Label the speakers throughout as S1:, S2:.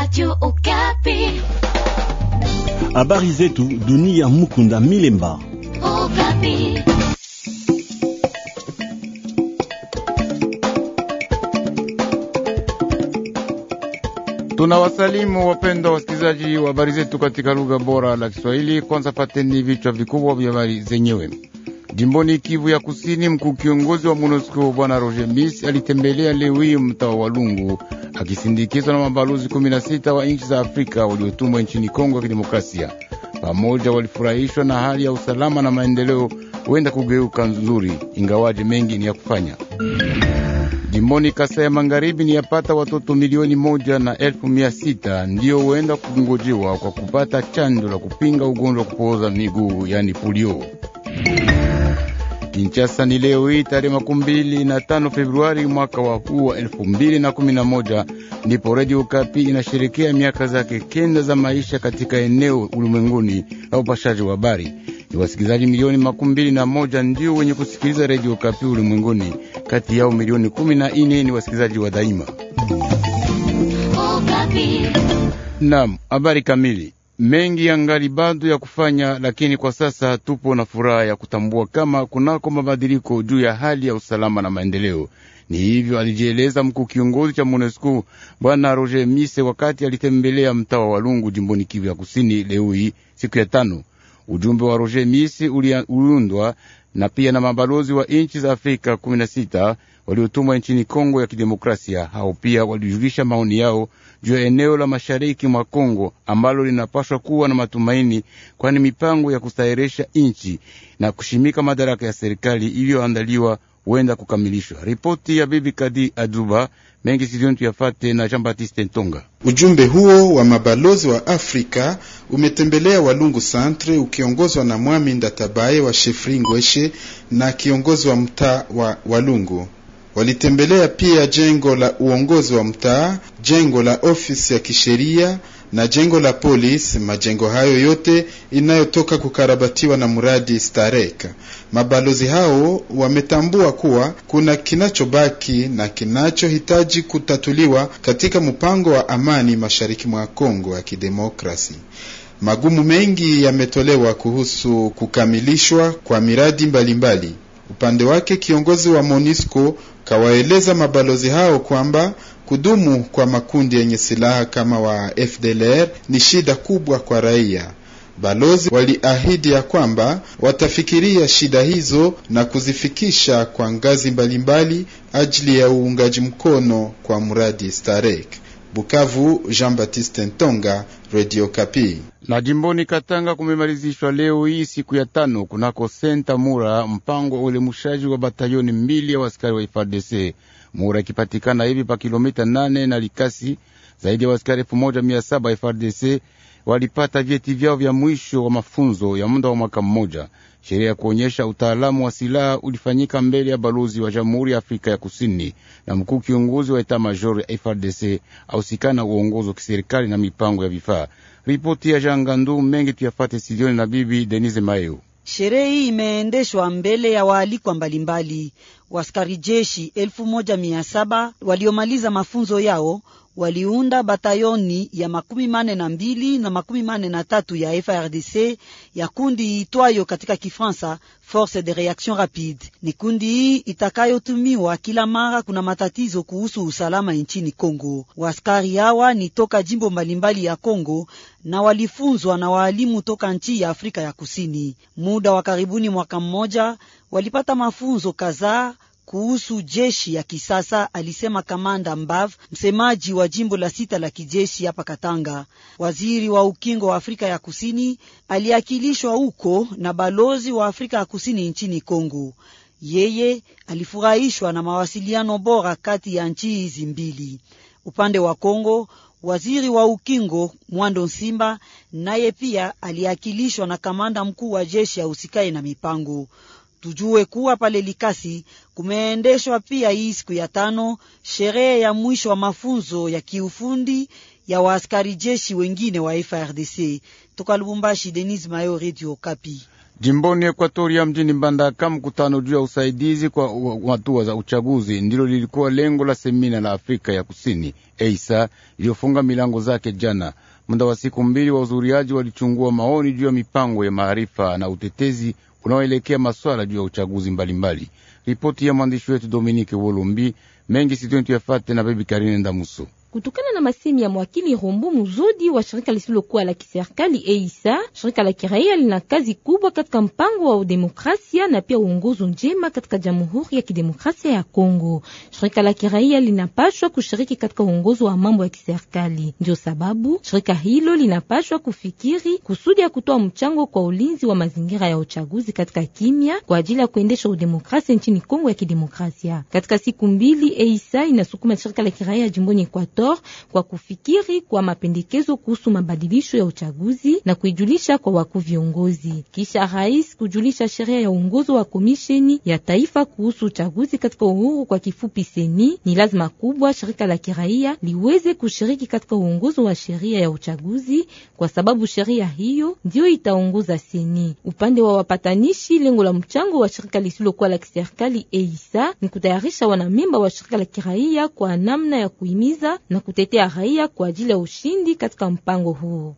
S1: Radio Okapi.
S2: Habari zetu dunia, Mukunda Milemba.
S1: Okapi.
S3: wasalimu wapendwa wasikilizaji wa habari zetu katika lugha bora la Kiswahili. Kwanza pateni vichwa vikubwa vya habari zenyewe. Jimboni Kivu ya Kusini, mkuu kiongozi wa MONUSCO Bwana Roger Miss alitembelea leo hii mtaa wa lungu akisindikizwa na mabalozi 16 wa nchi za Afrika waliotumwa nchini Kongo ya Kidemokrasia. Pamoja walifurahishwa na hali ya usalama na maendeleo huenda kugeuka nzuri, ingawaje mengi ni ya kufanya. Jimboni Kasai ya Magharibi ni yapata watoto milioni moja na elfu mia sita ndiyo huenda kungojiwa kwa kupata chanjo la kupinga ugonjwa wa kupooza miguu, yani polio. Kinshasa ni leo hii tarehe makumi mbili na tano Februari mwaka wa huu wa elfu mbili na kumi na moja ndipo redio ukapi inasherekea miaka zake kenda za maisha katika eneo ulimwenguni la upashaji wa habari. Ni wasikilizaji milioni makumi mbili na moja ndio wenye kusikiliza redio ukapi ulimwenguni, kati yao milioni kumi na nne ni wasikilizaji wa daima. Oh, Naam, habari kamili mengi yangali bado ya kufanya, lakini kwa sasa tupo na furaha ya kutambua kama kunako mabadiliko juu ya hali ya usalama na maendeleo. Ni hivyo alijieleza mkuu kiongozi cha MONUSCO bwana Roger Mise wakati alitembelea mtaa wa Walungu jimboni Kivu ya Kusini leo hii siku ya tano. Ujumbe wa Roger Mise uliundwa na pia na mabalozi wa nchi za Afrika kumi na sita waliotumwa nchini Kongo ya Kidemokrasia. Hao pia walijulisha maoni yao juu ya eneo la mashariki mwa Kongo ambalo linapaswa kuwa na matumaini, kwani mipango ya kustahirisha nchi na kushimika madaraka ya serikali iliyoandaliwa huenda kukamilishwa. Ripoti ya Bibi Kadi Aduba mengi sidiontu yafate na Jean Baptiste Ntonga.
S2: Ujumbe huo wa mabalozi wa Afrika umetembelea Walungu Centre ukiongozwa na Mwami Ndatabaye wa Shefri Ngweshe na kiongozi wa mtaa wa Walungu. Walitembelea pia jengo la uongozi wa mtaa, jengo la ofisi ya kisheria na jengo la polisi. Majengo hayo yote inayotoka kukarabatiwa na mradi Starek. Mabalozi hao wametambua kuwa kuna kinachobaki na kinachohitaji kutatuliwa katika mpango wa amani mashariki mwa Kongo ya Kidemokrasi. Magumu mengi yametolewa kuhusu kukamilishwa kwa miradi mbalimbali mbali. Upande wake kiongozi wa MONUSCO kawaeleza mabalozi hao kwamba kudumu kwa makundi yenye silaha kama wa FDLR ni shida kubwa kwa raia. Balozi waliahidi ya kwamba watafikiria shida hizo na kuzifikisha kwa ngazi mbalimbali ajili ya uungaji mkono kwa mradi Starek. Bukavu, Jean-Baptiste Ntonga, Radio Kapi.
S3: Na jimboni Katanga kumemalizishwa leo hii siku ya tano kunako senta Mura mpango wa uelemushaji wa batayoni mbili ya wasikari wa FARDC. Mura ikipatikana hivi pa kilomita nane na Likasi, zaidi ya wasikari elfu moja mia saba FARDC walipata vyeti vyao vya mwisho wa mafunzo ya muda wa mwaka mmoja. Sheria ya kuonyesha utaalamu wa silaha ulifanyika mbele ya balozi wa Jamhuri ya Afrika ya Kusini na mkuu kiongozi wa eta major ya FRDC ahusikana na uongozi wa kiserikali na mipango ya vifaa. Ripoti ya Gandu mengi tuyafate studioni na bibi Denise Mayo.
S4: Sherehe hii imeendeshwa mbele ya waalikwa mbalimbali. Waskari jeshi elfu moja mia saba waliomaliza mafunzo yao waliunda batayoni ya makumi mane na mbili na makumi mane na tatu ya FRDC ya kundi itwayo katika Kifransa force de reaction rapide. Ni kundi hii itakayotumiwa kila mara kuna matatizo kuhusu usalama nchini Kongo. Waskari hawa ni toka jimbo mbalimbali ya Kongo na walifunzwa na waalimu toka nchi ya Afrika ya Kusini. Muda wa karibuni mwaka mmoja walipata mafunzo kadhaa kuhusu jeshi ya kisasa, alisema kamanda Mbav, msemaji wa jimbo la sita la kijeshi hapa Katanga. Waziri wa ukingo wa Afrika ya Kusini aliakilishwa huko na balozi wa Afrika ya Kusini nchini Kongo. Yeye alifurahishwa na mawasiliano bora kati ya nchi hizi mbili. Upande wa Kongo, waziri wa ukingo Mwando simba naye pia aliakilishwa na kamanda mkuu wa jeshi ya usikae na mipango Tujue kuwa pale Likasi kumeendeshwa pia hii siku ya tano sherehe ya mwisho wa mafunzo ya kiufundi ya waaskari jeshi wengine wa FRDC. Toka Lubumbashi, Denis Mayo, Radio Kapi.
S3: Jimboni Ekuatoria mjini Mbandaka, mkutano juu ya usaidizi kwa hatua za uchaguzi ndilo lilikuwa lengo la semina la Afrika ya Kusini EISA iliyofunga milango zake jana. Muda wa siku mbili, wahudhuriaji walichungua maoni juu ya mipango ya maarifa na utetezi unaoelekea maswala juu ya uchaguzi mbalimbali Ripoti ya mwandishi wetu Dominike Wolombi mengi sitwentu yafate na Bebi Karine Ndamuso.
S1: Kutokana na masemi ya mwakili Rombo Muzodi wa shirika lisilokuwa la kiserikali EISA, shirika la kiraia lina kazi kubwa katika mpango wa udemokrasia na pia uongozo njema katika Jamhuri ya Kidemokrasia ya Kongo. Shirika la kiraia linapashwa kushiriki katika uongozo wa mambo ya kiserikali. Ndio sababu shirika hilo linapashwa kufikiri kusudi ya kutoa mchango kwa ulinzi wa mazingira ya uchaguzi katika kimya kwa ajili ya kuendesha udemokrasia nchini Kongo ya Kidemokrasia. Katika siku mbili, EISA inasukuma shirika la kiraia jimboni Equator Equator kwa kufikiri kwa mapendekezo kuhusu mabadilisho ya uchaguzi na kuijulisha kwa wakuu viongozi, kisha rais kujulisha sheria ya uongozo wa komisheni ya taifa kuhusu uchaguzi katika uhuru, kwa kifupi seni. Ni lazima kubwa shirika la kiraia liweze kushiriki katika uongozo wa sheria ya uchaguzi, kwa sababu sheria hiyo ndiyo itaongoza seni. Upande wa wapatanishi, lengo la mchango wa shirika lisilokuwa la kiserikali EISA ni kutayarisha wanamemba wa shirika la kiraia kwa namna ya kuhimiza na na kutetea raia kwa ajili ya ushindi katika mpango huu.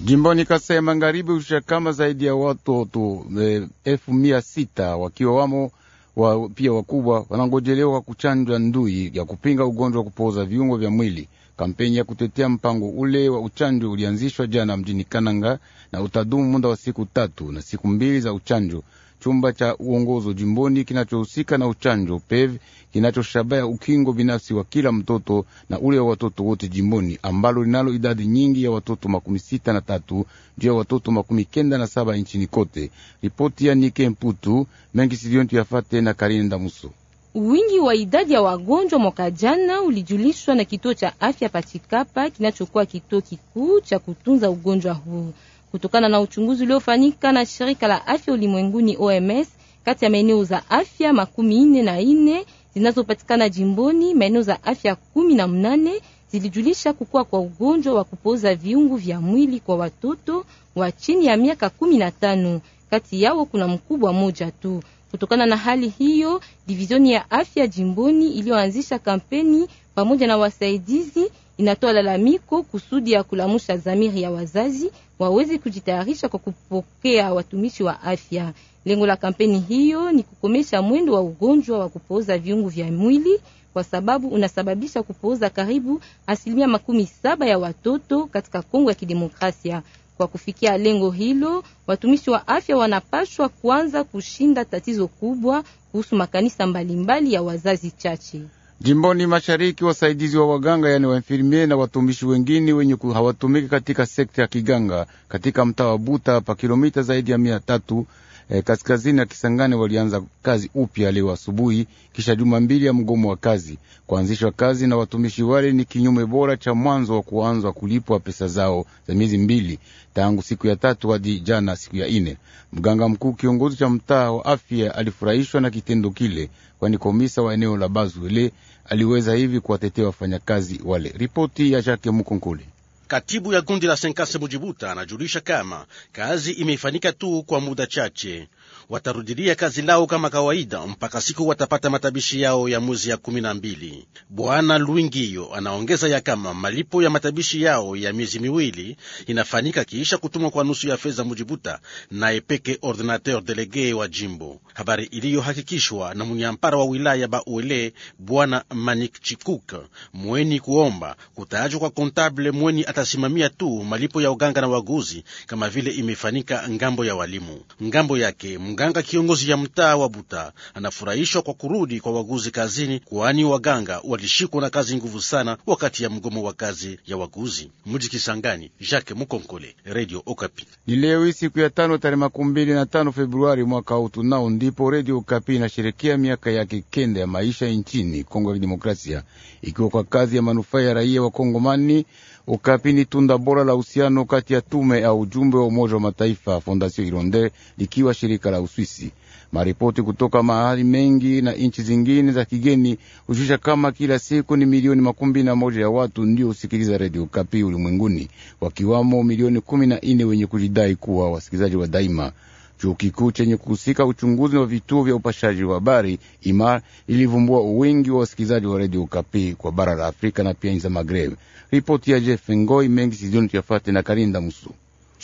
S3: Jimboni Kasai Magharibi ushakama zaidi ya watoto e, elfu mia sita wakiwa wamo wa, pia wakubwa wanangojelewa kuchanjwa ndui ya kupinga ugonjwa wa kupooza viungo vya mwili. Kampeni ya kutetea mpango ule wa uchanjo ulianzishwa jana mjini Kananga na utadumu muda wa siku tatu na siku mbili za uchanjo chumba cha uongozo jimboni kinachohusika na uchanjo PEV kinachoshabaya ukingo binafsi wa kila mtoto na ule wa watoto wote jimboni, ambalo linalo idadi nyingi ya watoto makumi sita na tatu juu ya watoto makumi kenda na saba nchini kote. Ripoti ya Nike Mputu mengi sidiontu yafate na Karine Ndamuso.
S1: Wingi wa idadi ya wagonjwa mwaka jana ulijulishwa na kituo cha afya Pachikapa kinachokuwa kituo kikuu cha kutunza ugonjwa huu kutokana na uchunguzi uliofanyika na shirika la afya ulimwenguni OMS kati ya maeneo za afya makumi nne na nne zinazopatikana jimboni, maeneo za afya kumi na mnane zilijulisha kukua kwa ugonjwa wa kupoza viungu vya mwili kwa watoto wa chini ya miaka kumi na tano. Kati yao kuna mkubwa moja tu. Kutokana na hali hiyo, divizioni ya afya jimboni iliyoanzisha kampeni pamoja na wasaidizi inatoa lalamiko kusudi ya kulamusha dhamiri ya wazazi waweze kujitayarisha kwa kupokea watumishi wa afya. Lengo la kampeni hiyo ni kukomesha mwendo wa ugonjwa wa kupooza viungo vya mwili kwa sababu unasababisha kupooza karibu asilimia makumi saba ya watoto katika Kongo ya Kidemokrasia. Kwa kufikia lengo hilo, watumishi wa afya wanapashwa kuanza kushinda tatizo kubwa kuhusu makanisa mbalimbali mbali ya wazazi chache.
S3: Jimboni mashariki, wasaidizi wa waganga yani wainfirmie na watumishi wengine wenye hawatumiki katika sekta ya kiganga katika mtaa wa Buta pa kilomita zaidi ya mia tatu eh, kaskazini na Kisangani walianza kazi upya leo asubuhi kisha juma mbili ya mgomo wa kazi. Kuanzishwa kazi na watumishi wale ni kinyume bora cha mwanzo wa kuanzwa kulipwa pesa zao za miezi mbili tangu siku ya tatu hadi jana siku ya ine. Mganga mkuu kiongozi cha mtaa wa afya alifurahishwa na kitendo kile, kwani komisa wa eneo la Bazwele aliweza hivi kuwatetea wafanyakazi wale. Ripoti ya Jake Mukonkole. Katibu ya gundi la Senkase Mujibuta anajulisha kama kazi imefanyika tu kwa muda chache, watarudilia kazi lao kama kawaida mpaka siku watapata matabishi yao ya mwezi ya kumi na mbili. Bwana Luingio anaongeza ya kama malipo ya matabishi yao ya miezi miwili inafanyika kiisha kutumwa kwa nusu ya fedha Mujibuta na Epeke, ordinateur delege wa jimbo, habari iliyohakikishwa na munyampara wa wilaya Bauele Bwana Manik Chikuk mweni kuomba kutaajwa kwa kontable mweni atasimamia tu malipo ya uganga na waguzi kama vile imefanyika ngambo ya walimu. Ngambo yake mganga kiongozi ya mtaa wa Buta anafurahishwa kwa kurudi kwa waguzi kazini, kwani waganga walishikwa na kazi nguvu sana wakati ya mgomo wa kazi ya waguzi. Mji Kisangani, Jacques Mukonkole, Radio Okapi. Ni leo siku ya tano tarehe makumi mbili na tano Februari mwaka utu nao ndipo Radio Okapi inasherekea miaka yake kenda ya maisha nchini Kongo ya Kidemokrasia, ikiwa kwa kazi ya manufaa ya raia wa Kongomani. Okapi kipindi tunda bora la uhusiano kati ya tume ya ujumbe wa Umoja wa Mataifa Fondasio Ironde likiwa shirika la Uswisi. Maripoti kutoka mahali mengi na nchi zingine za kigeni hushusha kama kila siku ni milioni makumi na moja ya watu ndio husikiliza redio Kapi ulimwenguni, wakiwamo milioni kumi na nne wenye kujidai kuwa wasikilizaji wa daima. Chuo kikuu chenye kuhusika uchunguzi wa vituo vya upashaji wa habari IMAR ilivumbua wingi wa wasikilizaji wa redio ukapi kwa bara la Afrika na pia nchi za Magreb. Ripoti ya Jeff Ngoi mengi sizioni tuyafate na Karinda Musu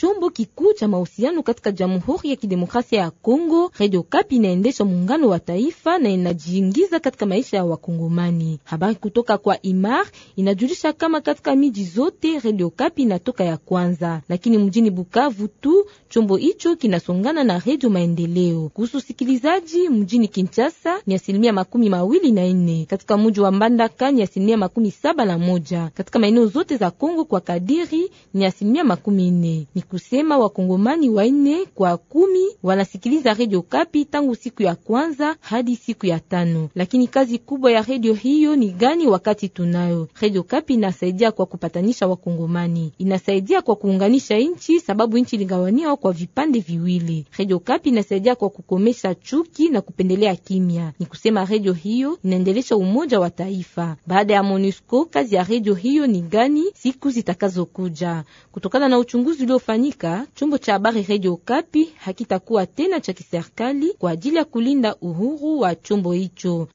S1: chombo kikuu cha mahusiano katika Jamhuri ya Kidemokrasia ya Kongo. Radio Kapi inaendeshwa muungano wa taifa na inajiingiza katika maisha ya Wakongomani. Habari kutoka kwa Imar inajulisha kama katika miji zote Radio Kapi inatoka ya kwanza, lakini mjini Bukavu tu chombo hicho kinasongana na Radio Maendeleo. Kuhusu usikilizaji mjini Kinshasa ni asilimia makumi mawili na nne, katika muji wa Mbandaka ni asilimia makumi saba na moja, katika maeneo zote za Kongo kwa kadiri ni asilimia makumi nne kusema wakongomani waine kwa kumi wanasikiliza redio Kapi tangu siku ya kwanza hadi siku ya tano. Lakini kazi kubwa ya redio hiyo ni gani? Wakati tunayo redio Kapi, inasaidia kwa kupatanisha wakongomani, inasaidia kwa kuunganisha nchi, sababu nchi ligawaniwa kwa vipande viwili. Redio Kapi inasaidia kwa kukomesha chuki na kupendelea kimya, ni kusema redio hiyo inaendelesha umoja wa taifa. Baada ya MONUSCO, kazi ya redio hiyo ni gani siku zitakazokuja? Kutokana na uchunguzi uliofanyika kufanyika, chombo cha habari Radio Kapi hakitakuwa tena cha kiserikali kwa ajili ya kulinda uhuru wa chombo hicho.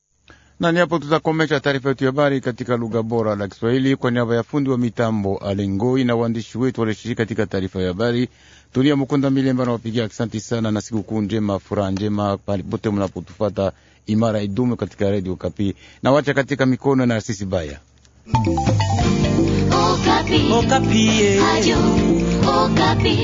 S3: Na ni hapo tutakomesha taarifa yetu ya habari katika lugha bora la Kiswahili kwa niaba ya fundi wa mitambo Alengoi na waandishi wetu walioshiriki katika taarifa ya habari. Tulia Mukunda Milemba nawapigia asanti sana, na sikukuu njema, furaha njema pote mnapotufata. Imara idumu katika Redio Kapi na wacha katika mikono na Narcisi Baya.
S1: Eh. Okapi.